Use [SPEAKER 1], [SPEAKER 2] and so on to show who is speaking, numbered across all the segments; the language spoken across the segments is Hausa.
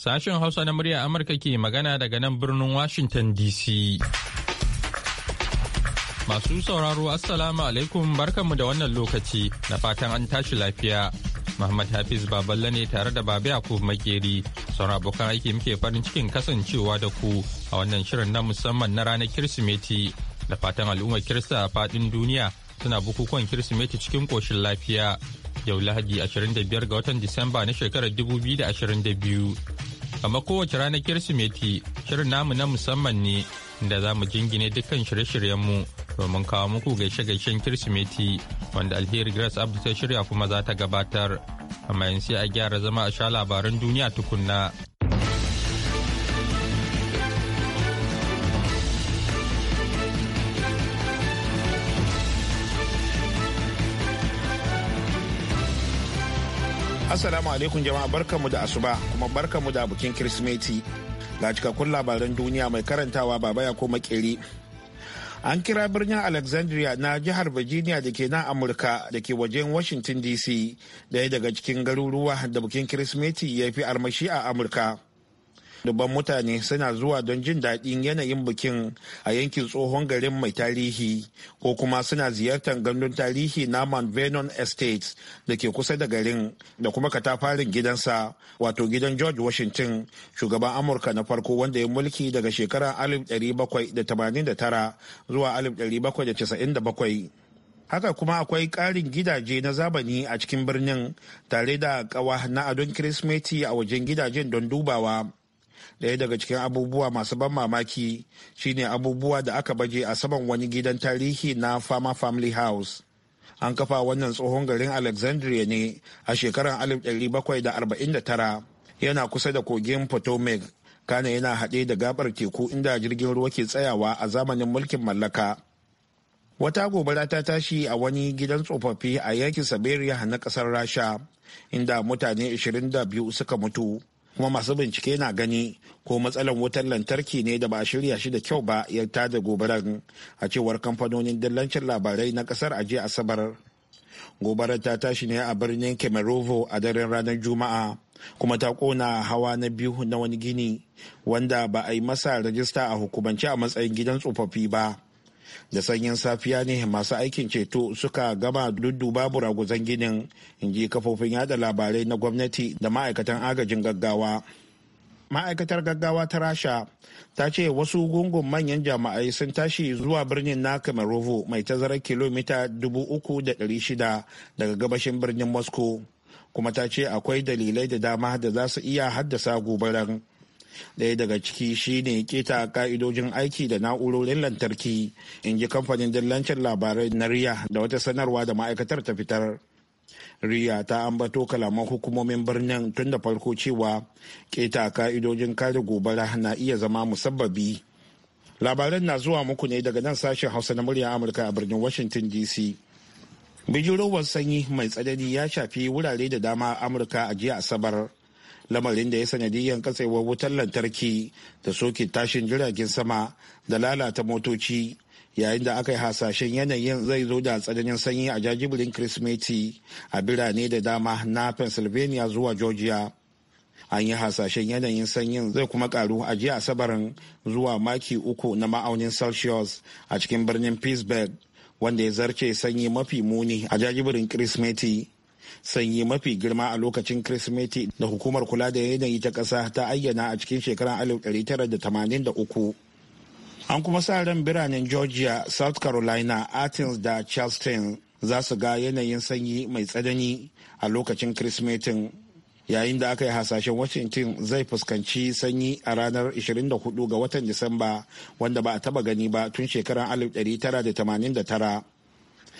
[SPEAKER 1] Sashen Hausa na murya Amurka ke magana daga nan birnin Washington DC. Masu sauraro Assalamu alaikum barkanmu da wannan lokaci na fatan an tashi lafiya. Muhammad Hafiz Baballe ne tare da Babi Yakub Makeri. Sauran abokan aiki muke farin cikin kasancewa da ku a wannan shirin na musamman na ranar Kirsimeti. Da fatan al'ummar Kirista a faɗin duniya suna bukukuwan Kirsimeti cikin koshin lafiya. Yau Lahadi 25 ga watan Disamba na shekarar 2022. kamar kowace ranar Kirsimeti, shirin namu na musamman ne da za mu jingine dukkan shirye-shiryenmu domin kawo muku gaishe-gaishen Kirsimeti wanda alheri Grace Abdu ta shirya kuma za ta gabatar. Amma yanzu sai a gyara zama a sha labaran duniya tukunna.
[SPEAKER 2] Assalamu alaikum jama'a barkanmu da asuba kuma barkanmu da bukin Kirsimeti. Ga cikakkun labaran duniya mai karantawa baba ya koma makeri. An kira birnin Alexandria na jihar Virginia da ke nan Amurka da ke wajen Washington DC daya daga cikin garuruwa da bukin Kirsimeti ya fi armashi a Amurka. Dubban mutane suna zuwa don jin daɗin yanayin bikin a yankin tsohon garin mai tarihi ko kuma suna ziyartar gandun tarihi na Mount Vernon estates da ke kusa da garin da kuma katafarin gidansa wato gidan George Washington shugaban Amurka na farko wanda ya mulki daga shekarar 1789 zuwa 1797. haka kuma akwai ƙarin gidaje na zabani a cikin birnin tare da kawa na adon kirismeti a wajen gidajen don dubawa daya daga cikin abubuwa masu ban mamaki shine abubuwa da aka baje a saman wani gidan tarihi na Farmer family house an kafa wannan tsohon garin alexandria ne a shekarar 1749 yana kusa da kogin potomac kana yana haɗe da gabar teku inda jirgin ruwa ke tsayawa a zamanin mulkin mallaka wata gobara ta tashi a wani gidan tsofaffi a yankin siberia na ƙasar rasha inda mutane 22 suka mutu kuma masu bincike na gani ko matsalar wutar lantarki ne da ba a shirya shi da kyau ba ya tada gobarar a cewar kamfanonin dillancin labarai na kasar a jiya asabar gobarar ta tashi ne a birnin kemerovo a daren ranar juma'a kuma ta kona hawa na biyu na wani gini wanda ba a yi masa rajista a hukumance a matsayin gidan tsofaffi ba da sanyin safiya ne masu aikin ceto suka gama dudduba buraguzan ginin inji kafofin yada labarai na gwamnati da ma'aikatan agajin gaggawa ma'aikatar gaggawa ta rasha ta ce wasu gungun manyan jama'ai sun tashi zuwa birnin na kamarovo mai tazarar kilomita 3,600 daga gabashin birnin moscow kuma ta ce akwai dalilai da dama da za su iya haddasa gobaran ɗaya daga ciki shine keta ka'idojin aiki da na'urorin lantarki in ji kamfanin dillancin labarai na riya da wata sanarwa da ma'aikatar ta fitar riya ta ambato kalaman hukumomin birnin tun da farko cewa keta ka'idojin kare gobara na iya zama musabbabi labaran na zuwa muku ne daga nan sashen hausa na murya amurka a birnin washington dc bijirowar sanyi mai tsanani ya shafi wurare da dama a amurka a jiya asabar lamarin da ya sanadiyyar katsewar wutar lantarki da soke tashin jiragen sama da lalata motoci yayin da aka yi hasashen yanayin zai zo da tsananin sanyi a jajibirin kirsimeti a birane da dama na pennsylvania zuwa georgia an yi hasashen yanayin sanyin zai kuma karu a jiya asabarin zuwa maki uku na ma'aunin celsius a cikin birnin pittsburgh wanda ya zarce sanyi mafi muni a jajibirin kirsimeti sanyi mafi girma a lokacin kirsimeti da hukumar kula da yanayi ta ƙasa ta ayyana a cikin shekarar 1983 an kuma sa ran biranen georgia south carolina athens da charleston za su ga yanayin sanyi mai tsanani a lokacin kirsimetin yayin da aka yi hasashen washington zai fuskanci sanyi a ranar 24 ga watan disamba wanda ba a taba gani ba tun shekarar 1989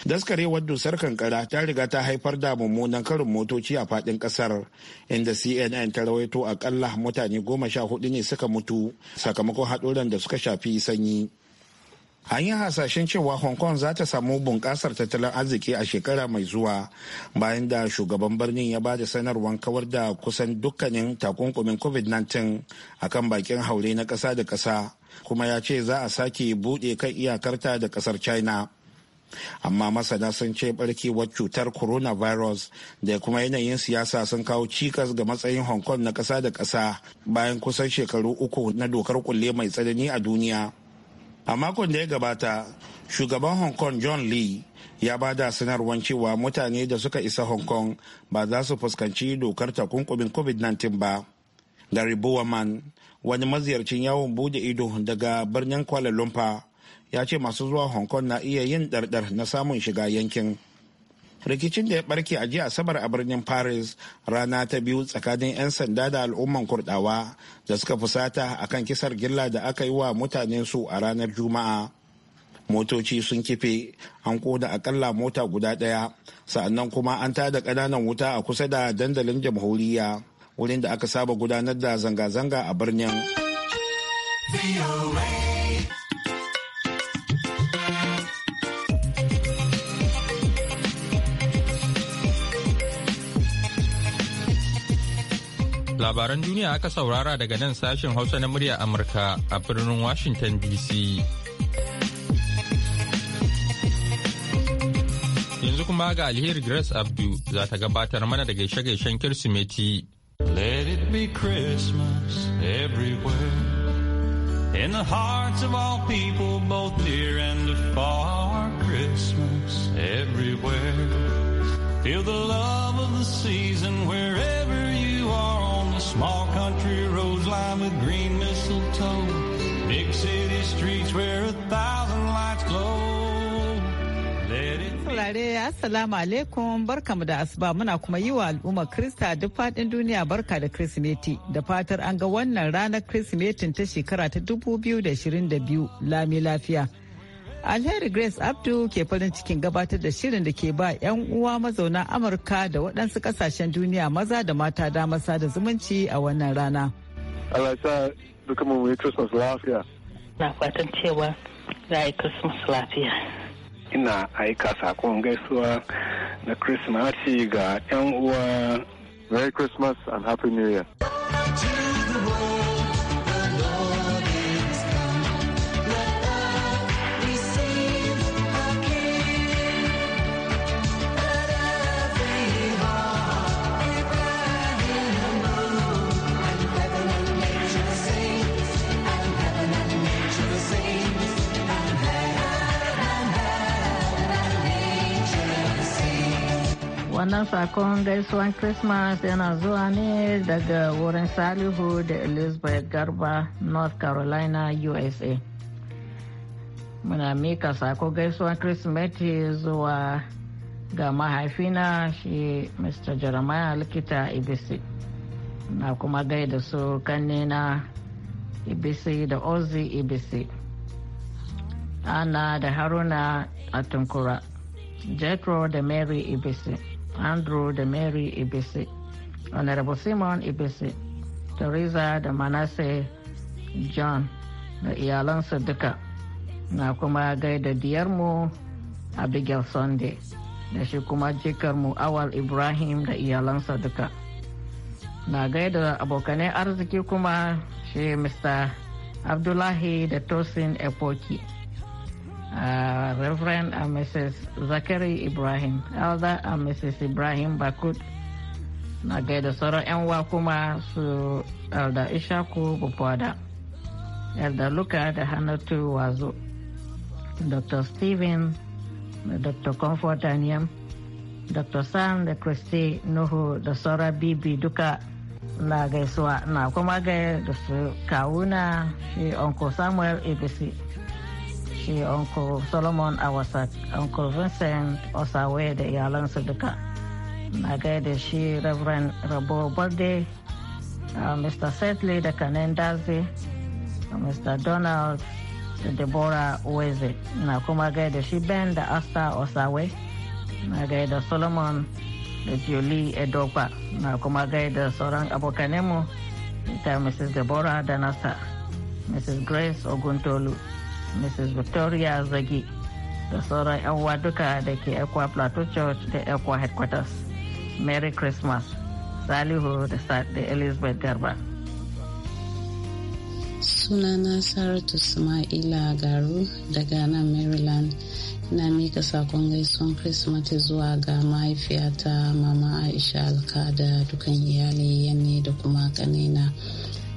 [SPEAKER 2] daskarewar dusar kankara ta riga ta haifar da mummunan karin motoci a fadin kasar inda cnn ta rawaito akalla mutane goma sha hudu ne suka mutu sakamakon haɗuran da suka shafi sanyi an yi hasashen cewa hong kong za ta samu bunƙasar tattalin arziki a shekara mai zuwa bayan da shugaban birnin ya ba da sanarwar kawar da kusan dukkanin takunkumin covid-19 a kan bakin haure na ƙasa da ƙasa kuma ya ce za a sake buɗe kan iyakarta da ƙasar china amma masana sun ce barkewar cutar coronavirus da kuma yanayin siyasa sun kawo cikas ga matsayin hong kong na kasa da kasa bayan kusan shekaru uku na dokar kulle mai tsanani a duniya a makon da ya gabata shugaban hong kong john lee ya ba da sanarwar cewa mutane da suka isa hong kong ba za su fuskanci dokar takunkumin covid-19 ba gary bowerman wani maziyarcin yawon bude ido daga birnin kuala lumpur ya ce masu zuwa hong kong na iya yin ɗarɗar na samun shiga yankin rikicin da ya barke a jiya asabar a birnin paris rana ta biyu tsakanin 'yan sanda da al'umman kurdawa da suka fusata a kan kisar gilla da aka yi wa mutanen su a ranar juma'a motoci sun kife an koda akalla mota guda ɗaya sa'annan kuma an tada ƙananan wuta a kusa da dandalin jamhuriya wurin da aka saba gudanar da zanga-zanga a birnin.
[SPEAKER 1] Labaran duniya aka saurara daga nan sashen Hausa na murya Amurka a birnin Washington DC. Yanzu kuma ga alheri Grace Abdu za ta gabatar mana da gaishe-gaishen Kirsimeti. Let it be Christmas everywhere. In
[SPEAKER 3] the hearts of all people, both near and far Christmas everywhere. Feel the love of the season where Small country roads lined with green mistletoe. Big city streets where a thousand lights glow.
[SPEAKER 4] Saurare Assalamu alaikum barkamu da asuba muna kuma yi wa al'ummar Krista duk faɗin duniya barka da Kirsimeti da fatar an ga wannan ranar Kirsimetin ta shekara ta 2022 lami lafiya. Alheri Grace Abdu ke farin cikin gabatar da shirin da ke ba 'yan uwa mazauna Amurka da waɗansu ƙasashen duniya maza da mata damar sada zumunci a wannan rana.
[SPEAKER 3] Allah sa duka mu yi Christmas lafiya. Na fatan cewa za a yi Christmas lafiya. Ina aika
[SPEAKER 5] sakon gaisuwa na Christmas ga 'yan uwa. Merry Christmas and Happy New Year.
[SPEAKER 6] sunan sakon gaisuwan Christmas yana zuwa ne daga wurin Salihu da Elizabeth Garba, North Carolina, USA. Muna mika sako gaisuwan Christmas zuwa ga mahaifina shi Mr. Jeremiah Likita Ibisi. Na kuma gaida su kannena Ibisi da Ozi Ibisi. Ana da Haruna a Tunkura. Jethro da Mary Ibisi. andrew da mary Ibisi, honorable simon Ibisi, theresa da manasse john da iyalansa duka na kuma gaida diyarmu abigail sunday da shi kuma jikarmu awal ibrahim da iyalansa duka na gaida abokanai arziki kuma shi mr abdullahi da tosin epoki uh, Reverend and uh, Mrs. Zakari Ibrahim, Elder and uh, Mrs. Ibrahim Bakut, na gaida sauran 'yan uwa kuma Elder Ishaku Bukwada, Elder Luka the Hannatu was Dr. Stephen Dr. Comfort Aniam, Dr. Sam the Christy Nuhu the Sora Bibi duka na gaisuwa na kuma the da su kawuna shi Uncle Samuel ABC. shi uncle solomon awasak uncle vincent osawe da iyalansu duka na gaida shi reverend rabo birthday uh, mr setley da kanen dazi uh, mr donald da deborah weze na kuma gaida shi ben da asta osawe na gaida solomon da julie edogba na kuma gaida sauran abokanemu ita mrs debora da nasa mrs grace oguntolu mrs victoria zagi da sauran 'yan duka da ke ekwa plateau church da ekwa headquarters merry christmas salihu da elizabeth garba sunana saratu
[SPEAKER 7] smaila garu daga nan maryland na mika sakon gaison christmas zuwa ga mahaifiyata mama aisha alka da dukan iyali yanni da kuma kanina.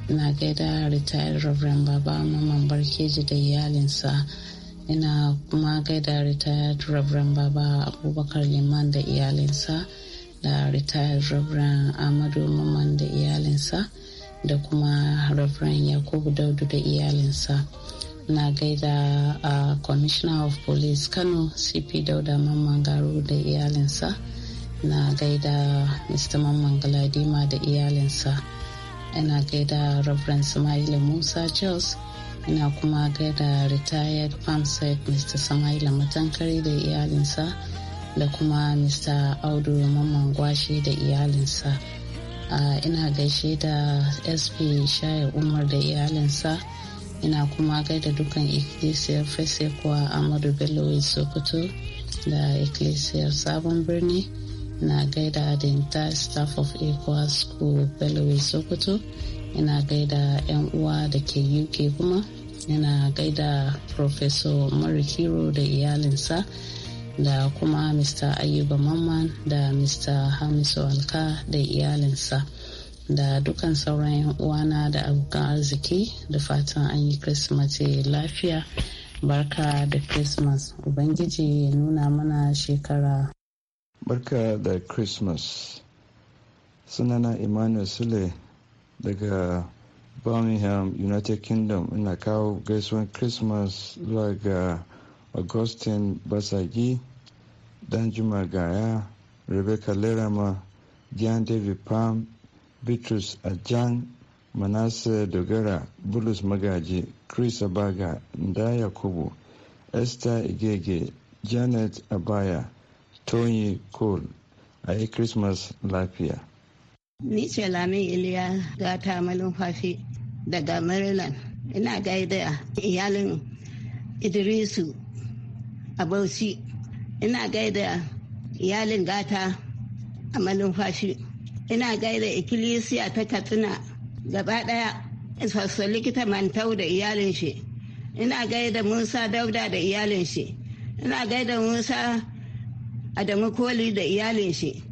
[SPEAKER 7] Na gaida retired reverend baba maman barkeji da iyalinsa ina kuma gaida retired reverend baba abubakar liman da iyalinsa da retired reverend amadu maman da iyalinsa da kuma reverend yakubu daudu da iyalinsa na gaida a commissioner of police kano cp dauda mamman garu da iyalinsa na gaida mr mamman galadima da iyalinsa ina gaida Reverend Samaila Musa Jos ina kuma gaida retired farmstead Mr. Samaila Matankari da iyalinsa da kuma Mr. Audu Mamman Gwashi da iyalinsa. a ina gaishe da SP Shaya Umar da iyalinsa ina kuma gaida dukkan ikkilisiyar fesekwa Amadu Bello Sokoto da ikkilisiyar Sabon Birni. ina gaida da entire staff of ecowas school bellowe sokoto ina gaida 'yan uwa da ke uk kuma ina gaida professor marikiro da iyalinsa da kuma mr ayuba mamman da mr hamisu alka da iyalinsa da dukan sauran 'yan uwana da abokan arziki da fatan an yi kirsimati lafiya barka da christmas ubangiji ya nuna mana shekara
[SPEAKER 8] barka da christmas sunana emmanuel sule daga birmingham united kingdom ina kawo gaisuwan christmas zuwa ga augustine basagi danjuma gaya rebecca lerama jan david palm bitrus ajan manasseh dogara bulus magaji chris abaga nda yakubu esther igege janet abaya Tony Cole a yi Christmas lafiya.
[SPEAKER 9] Ni ce Lami Iliya gata fafi daga Maryland. Ina gaida iyalin Idrisu a Bauchi. Ina gaida iyalin gata a fafi. Ina gaida ikilisiya ta Katsina gaba ɗaya. Sassa likita mantau da iyalin shi. Ina gaida Musa Dauda da iyalin shi. Ina gaida Musa Adamu Koli da iyalin shi.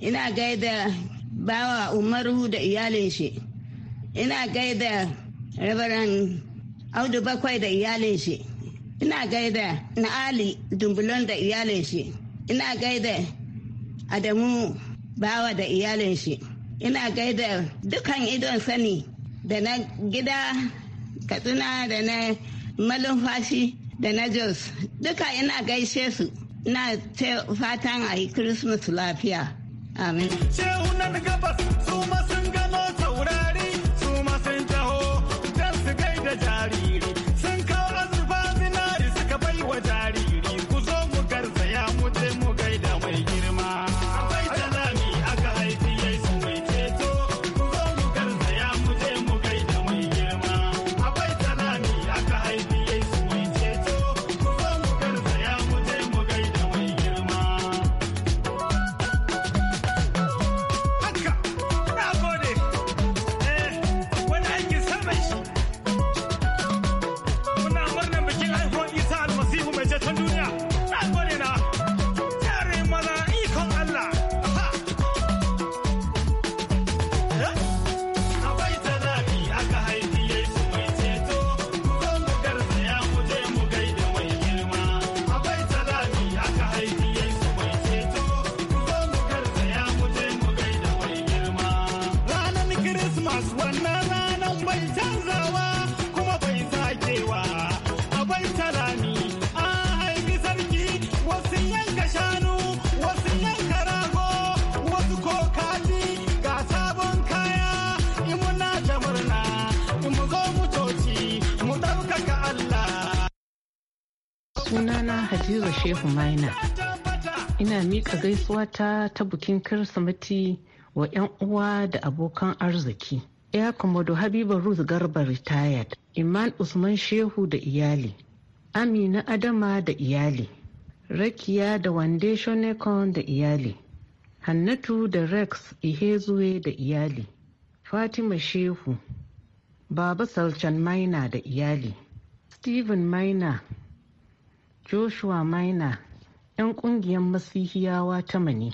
[SPEAKER 9] Ina gaida Bawa Umaru da iyalin shi. Ina gaida Reverend Audu Bakwai da iyalin shi. Ina gaida Na'ali Dumbulon da iyalin shi. Ina gaida Adamu Bawa da iyalin shi. Ina gaida dukan idon sani da na gida Katsina da na malumfashi da na Jos. Duka ina gaishe su. na fatan ayi yi lafiya. Amin.
[SPEAKER 3] Shehunan gabas su sun gano Shehu Maina.
[SPEAKER 10] Ina miƙa gaisuwa ta ta bukin Kirsimeti wa 'yan uwa da abokan arziki. Ya Komodo Habiba Ruth Garba retired, Iman Usman Shehu da iyali, Amina Adama da iyali, Rakiya da Wande Shonekon da iyali, Hannatu da Rex Ihezuwe da iyali, Fatima Shehu, Baba Salchan Maina da iyali, Stephen Maina joshua maina 'yan kungiyar masihiyawa ta mani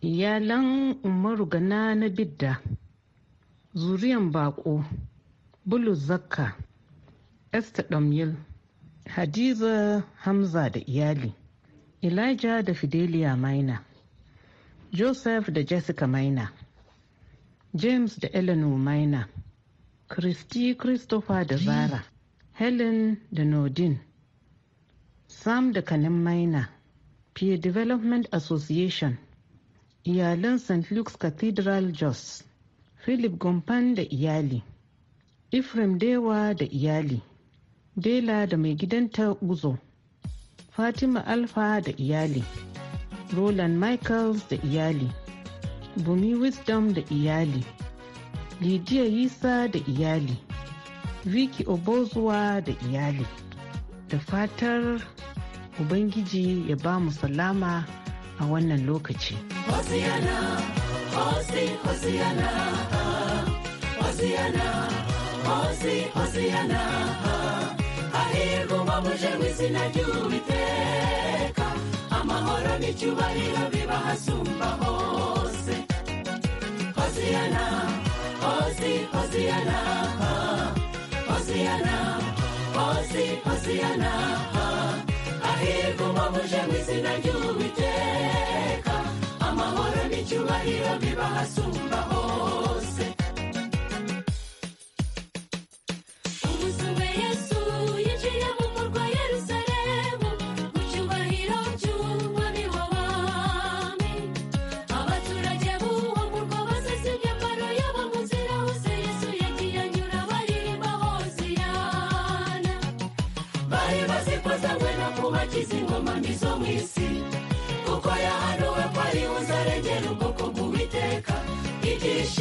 [SPEAKER 10] iyalan umaru gana na bidda zuriyan bako bulus zakka esther damyil hadiza hamza da iyali elijah da fidelia maina joseph da jessica maina james da eleanor maina christy christopher da zara helen da nodin sam da kanin maina peer development association iyalan st luke's cathedral jos philip gompan da iyali Ifrem Dewa da iyali, Dela da mai gidanta Uzo, Fatima Alfa da iyali, Roland Michaels da iyali, Bumi Wisdom da iyali, Lidia Yisa da iyali, Vicky Obozuwa da iyali. Da fatar ubangiji ya ba mu salama a wannan lokaci
[SPEAKER 3] hosiyana hosi hosiyana hosiyana hosi hosiyana hahirwa umwamuje mw'izina ry'uwiteka amahoro n'icyubahiro Hosiana, hose hosiana, hosiana, hosiyana hosiana. hosi hosiyana kuba muje mu izina ry'uwiteka amahoro n'icyubahiro biba hasumba hose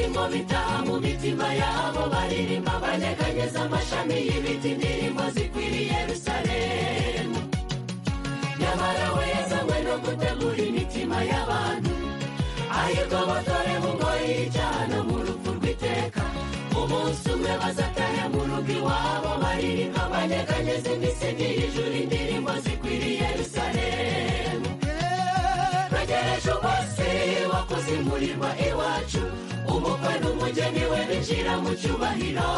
[SPEAKER 3] indirimbo bitaha mu mitima yabo baririmba banyeganyeza amashami y'ibiti indirimbo zikwiriye yerusaremu nyamara we yazanywe no gutegura imitima y'abantu ahirwa abatore mu ngoyi y'icyaha mu rupfu rw'iteka umunsi umwe bazatahe mu rugo iwabo baririmba banyeganyeza imisingi y'ijuru indirimbo zikwiriye yerusaremu begereje bose wakoze umurimo iwacu umukwe n'umugeni we binjira mu cyubahiro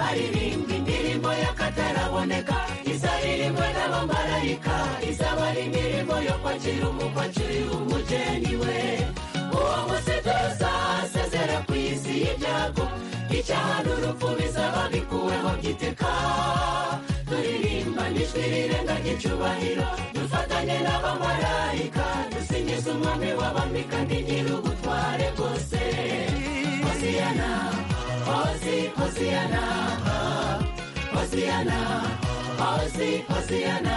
[SPEAKER 3] haririmbwa indirimbo y'akataraboneka izaririmbwe n'abamarayika izabara imirimo yo kwakira umukwe akiri umugeni we uwo munsi byose ku isi y'ibyago icyaha n'urupfu bizaba bikuweho byiteka twishyirirengage icyubahiro dufatanye n'abamarayika dusingize umwami w'abami kandi nyir'ubutware bwose hosiyana hosi hosiyana hosiyana hosi hosiyana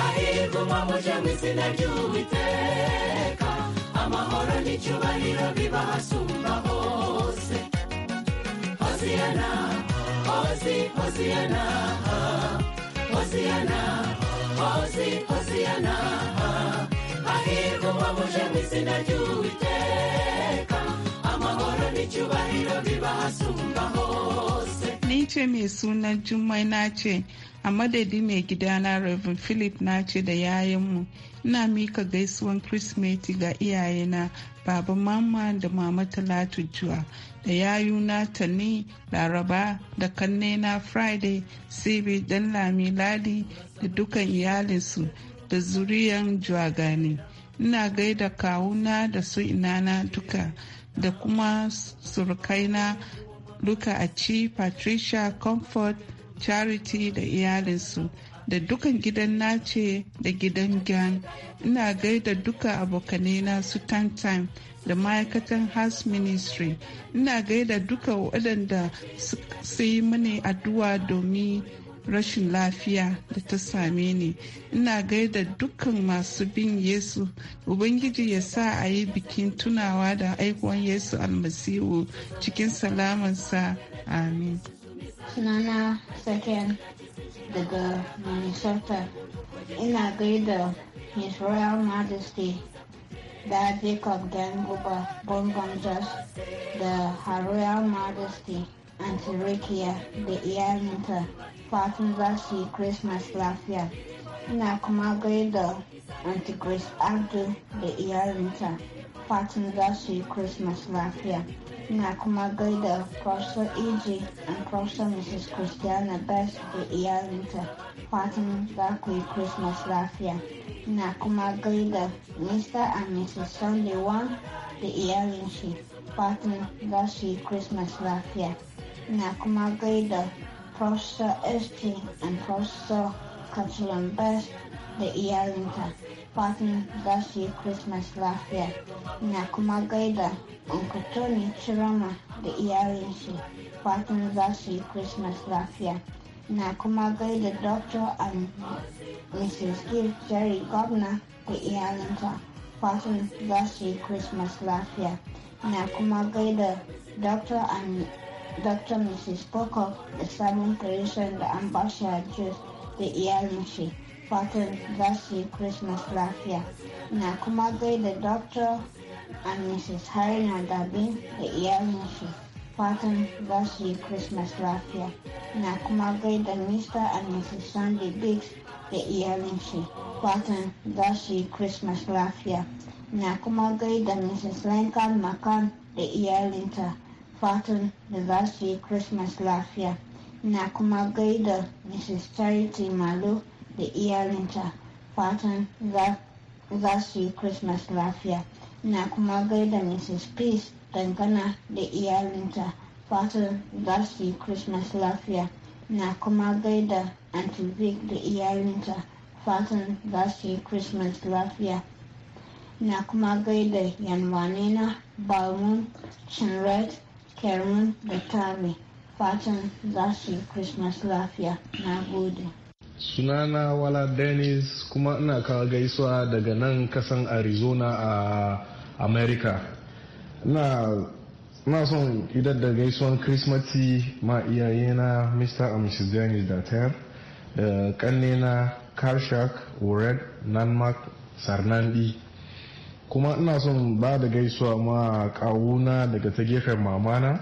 [SPEAKER 3] hahirwa umwami mu izina ry'uwiteka amahoro n'icubahiro biba hasumba hose hosiyana hosi hosiyana hosiyana hosi hosiyana hahirwa uwabuje mu izina ry'uwiteka amahoro n'icyubahiro bibahasumbaho
[SPEAKER 11] ce mai suna jummai na ce a madadi mai gidana Reverend Philip na ce da yayanmu ina mika gaisuwan Kirsimeti ga iyayena Baba Mama da Mama Talatu Juwa da yayuna Tani Laraba da kannena Friday Sibi Dan Lami Ladi da dukan iyalinsu da zuriyan Juwa gani. Ina gaida kawuna da su inana duka da kuma surukaina duka a ci patricia comfort charity da iyalinsu da dukan gidan nace da gidan gan ina gaida duka abokanena su time time da ma'aikatan house ministry ina gaida duka waɗanda su yi mini addu'a domin rashin lafiya da ta same ni ina gaida dukkan masu bin yesu ubangiji ya sa a yi bikin tunawa da aikon yesu almasihu cikin salamansa amin sunana
[SPEAKER 12] saken daga minnesota ina gaida his royal majesty da jacob ganguba bongon jos da her royal majesty antirikiya da iyalinta fatan za Christmas lafiya. Na kuma gaida Aunty Grace Abdul da iyalinta fatan za Christmas lafiya. Na kuma gaida Professor E.J. and Professor Mrs. Christiana Best da iyalinta fatan za Christmas lafiya. Na kuma gaida Mr. and Mrs. Sunday One da iyalin shi fatan Christmas lafiya. Na kuma gaida Posta Östby and Posta Columbus de Arlington partnered last year Christmas last year. kuma gaida Uncle Tony Chirama, the iyalin shi fatan za Christmas last year. kuma gaida Dr. and Mrs. Gill Jerry Governor the iyalinta fatan za last year, Christmas last year. kuma gaida Dr. and Dr. Mrs. Pocock, the salmon producer and ambassador to the ERMC, patterned Darcy Christmas last year. the doctor and Mrs. Harry Nadabin, the ERMC, patterned Darcy Christmas last year. the Mr. and Mrs. Sandy Biggs, the ERMC, patterned Darcy Christmas last year. the Mrs. Lincoln McCann, the ERMC, fatan da za su yi Christmas lafiya. Na kuma gaida Mrs. Charity Malo da iyalinta fatan za su yi Christmas lafiya. Na kuma gaida Mrs. Peace dangana da iyalinta fatan za su yi Christmas lafiya. Na kuma gaida Aunty Vic da iyalinta fatan za su yi Christmas lafiya. Na kuma gaida yanwanena Balmun Shinret Karen da tari Fatan za su yi Christmas lafiya. Na gode.
[SPEAKER 5] Sunana Wala Dennis kuma ina kawo gaisuwa daga nan kasan Arizona a America. Na son idan da gaisuwan Krismati ma iyayena Mr. and Mrs. Dennis Dater da eh, na Karshak, Wured, Nanmak, Sarnandi. kuma ina son ba da gaisuwa ma kawuna daga ta gefen mamana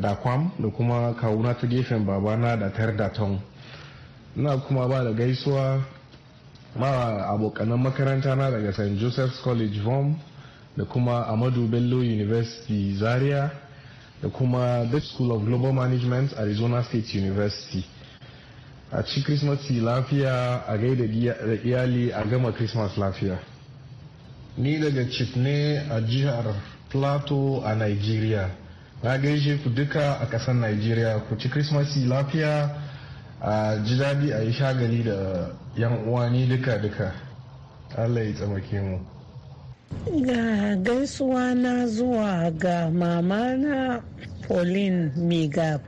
[SPEAKER 5] da kwam da kuma kawuna ta gefen babana da tar da ton ina kuma ba da gaisuwa ma abokanan makaranta na daga st joseph's college vom da kuma amadu bello university zaria da kuma the school of global management arizona state university a ci christmas lafiya a gaida da iyali a gama christmas lafiya ni daga chitne a jihar plateau a nigeria na gaishe ku duka a ƙasar nigeria ku ci krismasi lafiya a ji daɗi a yi shagali da yan uwani duka duka allah ya tsamake mu
[SPEAKER 10] ga gaisuwa na zuwa ga mama na pauline migab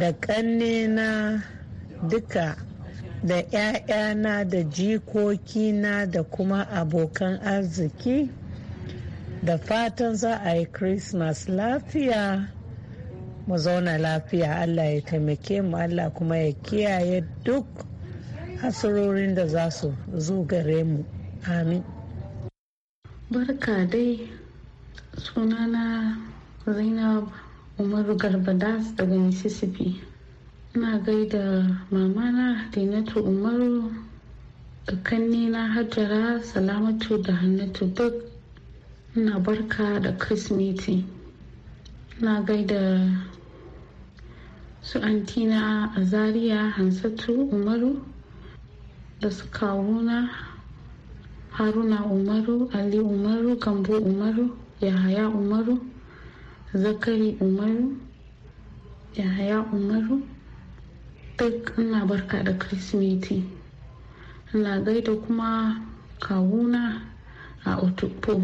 [SPEAKER 10] da kanne na duka da 'ya'yana da jikokina da kuma abokan arziki da fatan za a yi christmas lafiya mu zauna lafiya allah ya taimake mu allah kuma ya kiyaye duk hasarorin da za su zo gare mu
[SPEAKER 7] amin barka dai sunana zainab umaru garbadas daga mississippi ina gaida mamana dinatu umaru kakanni na hajjara salamatu da hannatu duk ina barka da kirsimeti ina gaida su antina a Zariya, hansatu umaru da su kawuna haruna umaru ali umaru gambo umaru yahaya umaru zakari umaru yahaya umaru duk ina barka da kirsimeti ina gaida kuma kawuna a otupo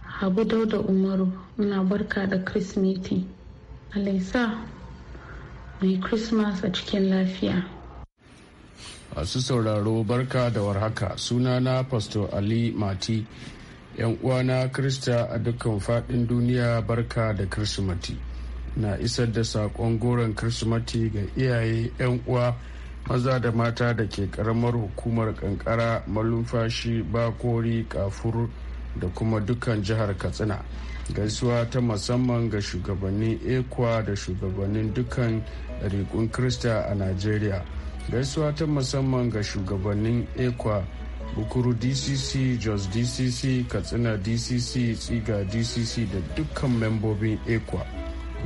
[SPEAKER 7] habu dauda umaru ina barka da kirsimeti alaisa mai christmas a cikin lafiya
[SPEAKER 8] masu sauraro barka da warhaka sunana pastor ali mati yan uwana krista a dukkan fadin duniya barka da kirsimati na isar da saƙon goron kirsimati ga iyaye 'yan uwa maza da mata da ke ƙaramar hukumar kankara malumfashi bakori kafur da kuma dukkan jihar katsina gaisuwa ta musamman ga shugabannin ekwa da shugabannin dukkan ɗariƙun krista a nigeria gaisuwa ta musamman ga shugabannin ekwa bukuru dcc jos dcc katsina dcc tsiga dcc da dukkan membobin ekwa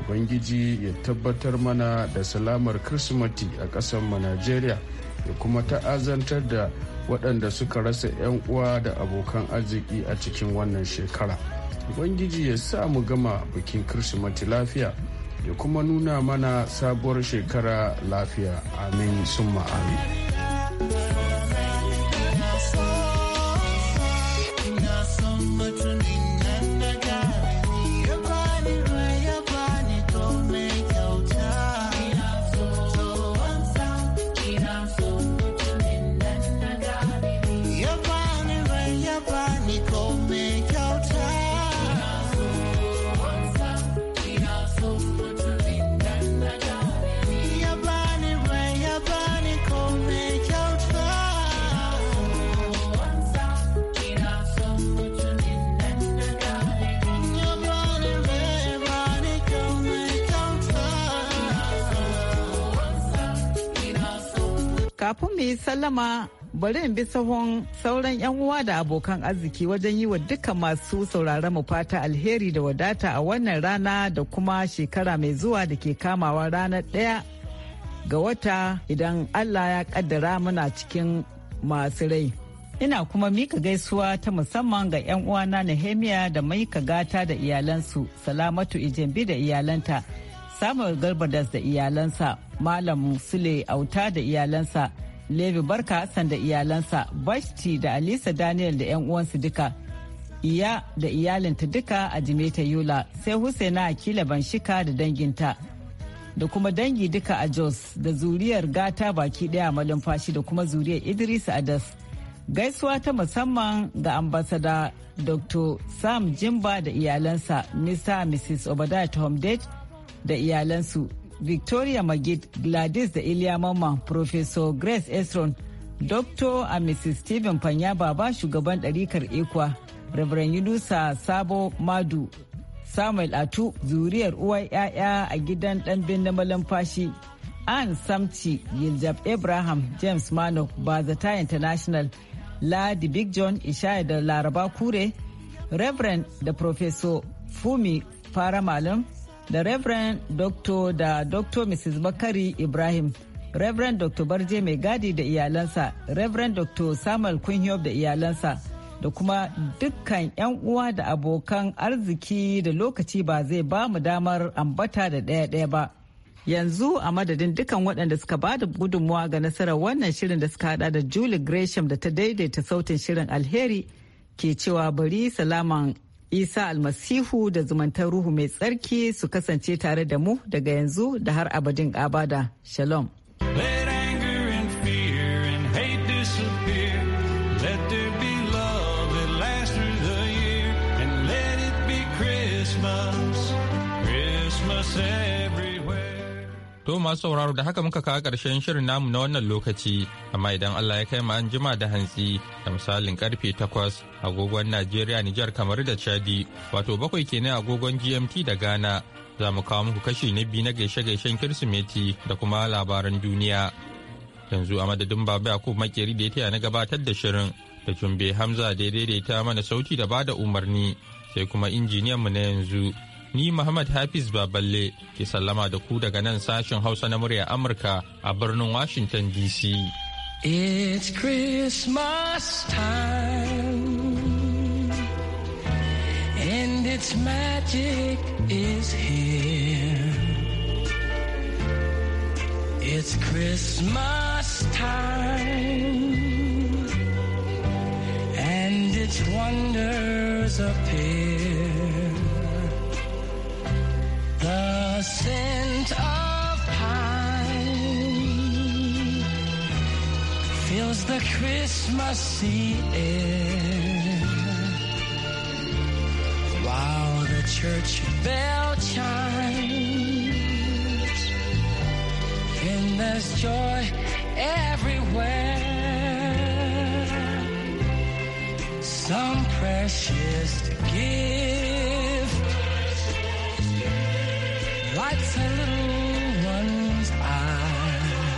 [SPEAKER 8] ubangiji ya tabbatar mana da salamar kirsimati a mu najeriya da kuma ta'azantar da waɗanda suka rasa 'yan uwa da abokan arziki a cikin wannan shekara ubangiji ya sa mu gama bikin kirsimati lafiya ya kuma nuna mana sabuwar shekara lafiya amin summa amin
[SPEAKER 4] Kafin mu yi sallama bari in bi sahun sauran 'yan uwa da abokan arziki wajen yi wa duka masu saurare mu fata alheri da wadata a wannan rana da kuma shekara mai zuwa da ke kamawa ranar ɗaya ga wata idan Allah ya kaddara muna cikin masu rai. Ina kuma mika gaisuwa ta musamman ga 'yan uwana hemiya da maika gata da iyalansu, Salamatu Ijambi da iyalanta. Samuel Garbadas da iyalansa, Malam Sule Auta da iyalansa, Levi Barka Hassan da iyalansa, Bashti da Alisa Daniel da 'yan uwansu duka. Iya da iyalinta duka a Jimeta Yula, sai Husaina Akila Banshika da danginta. Da kuma dangi duka a Jos da zuriyar gata baki daya malumfashi da kuma zuriyar Idris Adas. Gaisuwa ta musamman ga ambasada Dr. Sam Jimba da iyalansa, Mr. Mrs. Obadiah date. da iyalansu victoria magid gladys da iliya mamma professor grace esron dr a mrs stephen panya baba shugaban ɗarikar ekwa reverend yunusa sabo madu samuel atu zuriyar uwar 'ya'ya a gidan ɗanbin na malamfashi an Samci, Yiljab Abraham, James mano Bazata International, Ladi Big John, Ishaya da Laraba Kure, Reverend da Professor Fumi fara malam da Reverend Dr. da Dr. Mrs. Bakari Ibrahim, Reverend Dr. Barje mai gadi da iyalansa, Reverend Dr. Samuel Kunhiyob da iyalansa, da kuma dukkan 'yan uwa da abokan arziki da lokaci ba zai ba mu damar ambata da ɗaya-ɗaya ba. Yanzu a madadin dukkan waɗanda suka ba da gudunmuwa ga nasarar wannan shirin da suka hada da Julie Gresham da ta daidaita sautin shirin alheri ke cewa bari salaman isa almasihu da zumantar ruhu mai tsarki su kasance tare da mu daga yanzu da har abadin abada shalom
[SPEAKER 3] hey!
[SPEAKER 1] To masu sauraro da haka muka kawo ƙarshen shirin namu na wannan lokaci, amma idan Allah ya kai mu an jima da hantsi da misalin karfe takwas agogon Najeriya Nijar kamar da Chadi, wato bakwai kenan agogon GMT da Ghana. Za mu kawo muku kashi na biyu na gaishe-gaishen Kirsimeti da kuma labaran duniya. Yanzu a madadin Baba Yakub Makeri da ya taya na gabatar da shirin da Jumbe Hamza da ya daidaita mana sauti da bada umarni sai kuma injiniyan mu na yanzu. ni Muhammad Hafiz Baballe ke sallama da ku daga nan sashen Hausa na murya Amurka a birnin Washington DC. It's Christmas time and its magic
[SPEAKER 3] is here. It's Christmas time and its wonders appear. scent of pine fills the Christmas air while the church bell chimes and there's joy everywhere. Some precious gift. hearts